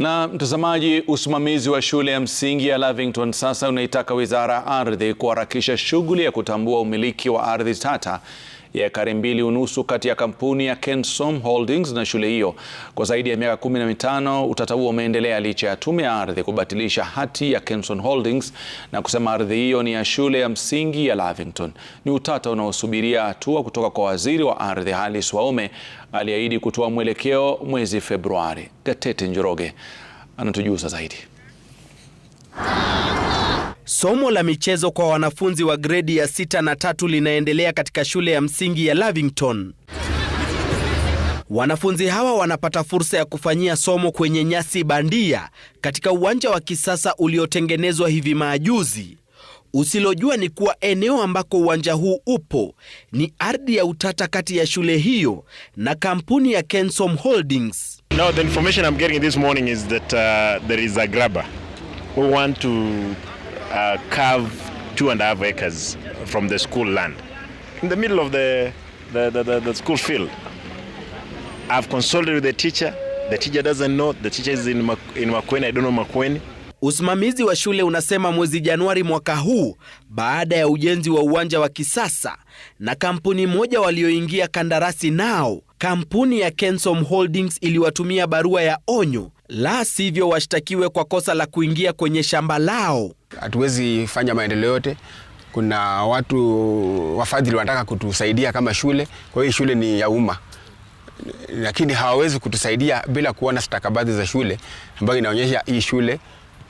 Na mtazamaji, usimamizi wa shule ya msingi ya Lavington sasa unaitaka wizara ya ardhi kuharakisha shughuli ya kutambua umiliki wa ardhi tata ya ekari mbili unusu kati ya kampuni ya Kensom Holdings na shule hiyo kwa zaidi ya miaka kumi na mitano. Utata huo umeendelea licha ya tume ya ardhi kubatilisha hati ya Kensom Holdings na kusema ardhi hiyo ni ya shule ya msingi ya Lavington. Ni utata unaosubiria hatua kutoka kwa waziri wa ardhi Alice waume aliahidi kutoa mwelekeo mwezi Februari. Gatete Njoroge anatujuza zaidi. Somo la michezo kwa wanafunzi wa gredi ya sita na tatu linaendelea katika shule ya msingi ya Lavington. Wanafunzi hawa wanapata fursa ya kufanyia somo kwenye nyasi bandia katika uwanja wa kisasa uliotengenezwa hivi majuzi. Usilojua ni kuwa eneo ambako uwanja huu upo ni ardhi ya utata kati ya shule hiyo na kampuni ya Kensom Holdings. Now, the information I'm getting this morning is that, uh, there is a grabber who want to uh, carve two and a half acres from the school land in the middle of the, the, the, the, the school field. I've consulted with the teacher. The teacher doesn't know. The teacher is in, Mak in Makueni. I don't know Makueni. Usimamizi wa shule unasema mwezi Januari mwaka huu, baada ya ujenzi wa uwanja wa kisasa na kampuni moja walioingia kandarasi nao, kampuni ya Kensom Holdings iliwatumia barua ya onyo, la sivyo washtakiwe kwa kosa la kuingia kwenye shamba lao hatuwezi fanya maendeleo yote. Kuna watu wafadhili wanataka kutusaidia kama shule, kwa hiyo shule ni ya umma, lakini hawawezi kutusaidia bila kuona stakabadhi za shule ambayo inaonyesha hii shule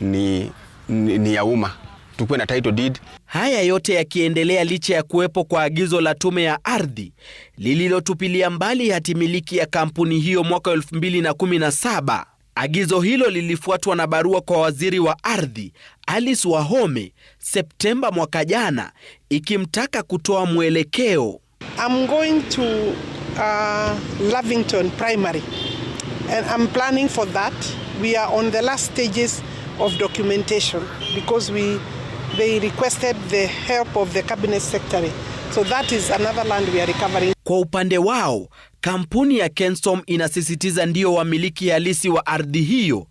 ni, ni, ni ya umma. Tukuwe na title deed. Haya yote yakiendelea licha ya kuwepo kwa agizo la tume ya ardhi lililotupilia mbali hatimiliki ya kampuni hiyo mwaka 2017. Agizo hilo lilifuatwa na barua kwa waziri wa ardhi Alice Wahome Septemba mwaka jana ikimtaka kutoa mwelekeo. I'm going to uh, Lavington Primary and I'm planning for that. We are on the last stages of documentation because we They requested the help of the cabinet secretary. So that is another land we are recovering. Kwa upande wao, kampuni ya Kensom inasisitiza ndio wamiliki halisi wa ardhi hiyo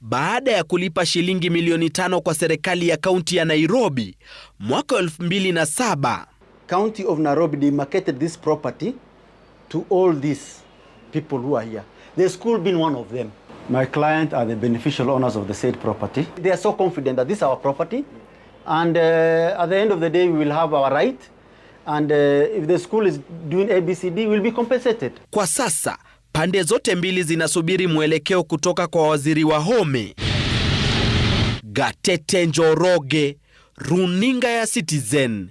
baada ya kulipa shilingi milioni tano kwa serikali ya kaunti ya Nairobi mwaka 2007. County of Nairobi demarcated this property to all these people who are here. The school being one of them. My client are the beneficial owners of the said property. They are so confident that this is our property. And uh, at the end of the day, we will have our right. And uh, if the school is doing ABCD, we'll be compensated. Kwa sasa pande zote mbili zinasubiri mwelekeo kutoka kwa waziri wa Home. Gatete Njoroge, Runinga ya Citizen.